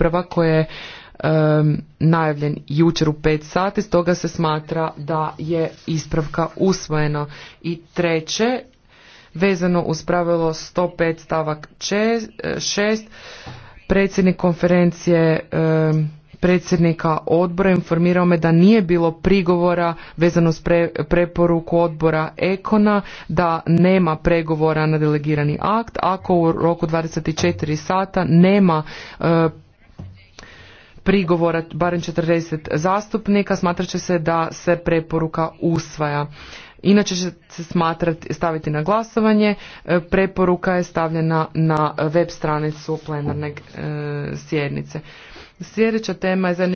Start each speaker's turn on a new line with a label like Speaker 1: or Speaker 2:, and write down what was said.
Speaker 1: rasprava koja je um, najavljen jučer u 5 sati, stoga se smatra da je ispravka usvojena. I treće, vezano uz pravilo 105 stavak 6, predsjednik konferencije predsjednika odbora informirao me da nije bilo prigovora vezano s pre, preporuku odbora Ekona da nema pregovora na delegirani akt ako u roku 24 sata nema eh, prigovora barem 40 zastupnika smatrat će se da se preporuka usvaja. Inače će se smatrati, staviti na glasovanje, e, preporuka je stavljena na web stranicu plenarne e, sjednice.
Speaker 2: Sljedeća tema je